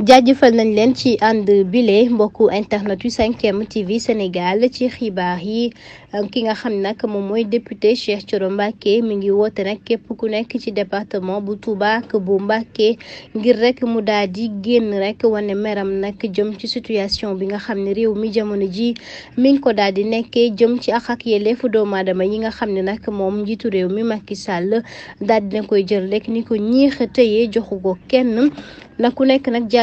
jaajëfal nañ leen ci ànd bile mbokku internet yu 5M TV Sénégal ci xibaar yi euh, ki nga xam nag moom mooy député Cheikh Thioro Mbacké mu ngi woote nag képp ku nekk ci département bu Touba bu Mbacké ngir rek mu daal di génn rek wane meram nag jëm ci situation bi nga xam ne réew mi jamono ji mi ngi ko daal di nekkee jëm ci àq ak yelleefu doomu aadama yi nga xam ne nag moom njiitu réew mi Macky sàll daal dina koy jël rek ni ko ñiix tëyee joxu ko kenn na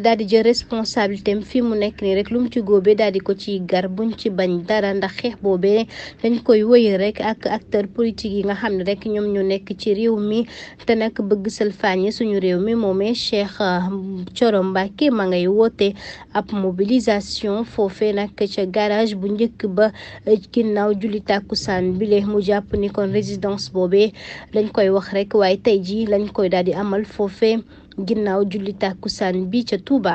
daal di jël responsabilité am fi mu nekk nii rek lu mu ci góobee daal di ko ciy gar buñ ci bañ dara ndax xeex boobee dañ koy wëy rek ak acteur politique yi nga xam ne rek ñoom ñu nekk ci réew mi te nag bëgg salfaañe suñu réew mi moomee Cheikh um, Thioro Mbacké ma ngay woote ab mobilisation foofee nag ca garage bu njëkk ba eh, ginnaaw julli tàkkusaan bile mu jàpp ni kon résidence boobee lañ koy wax rek waaye tey ji lañ koy daal di amal foofee ginnaaw julli tàkkusaan bi ca Touba.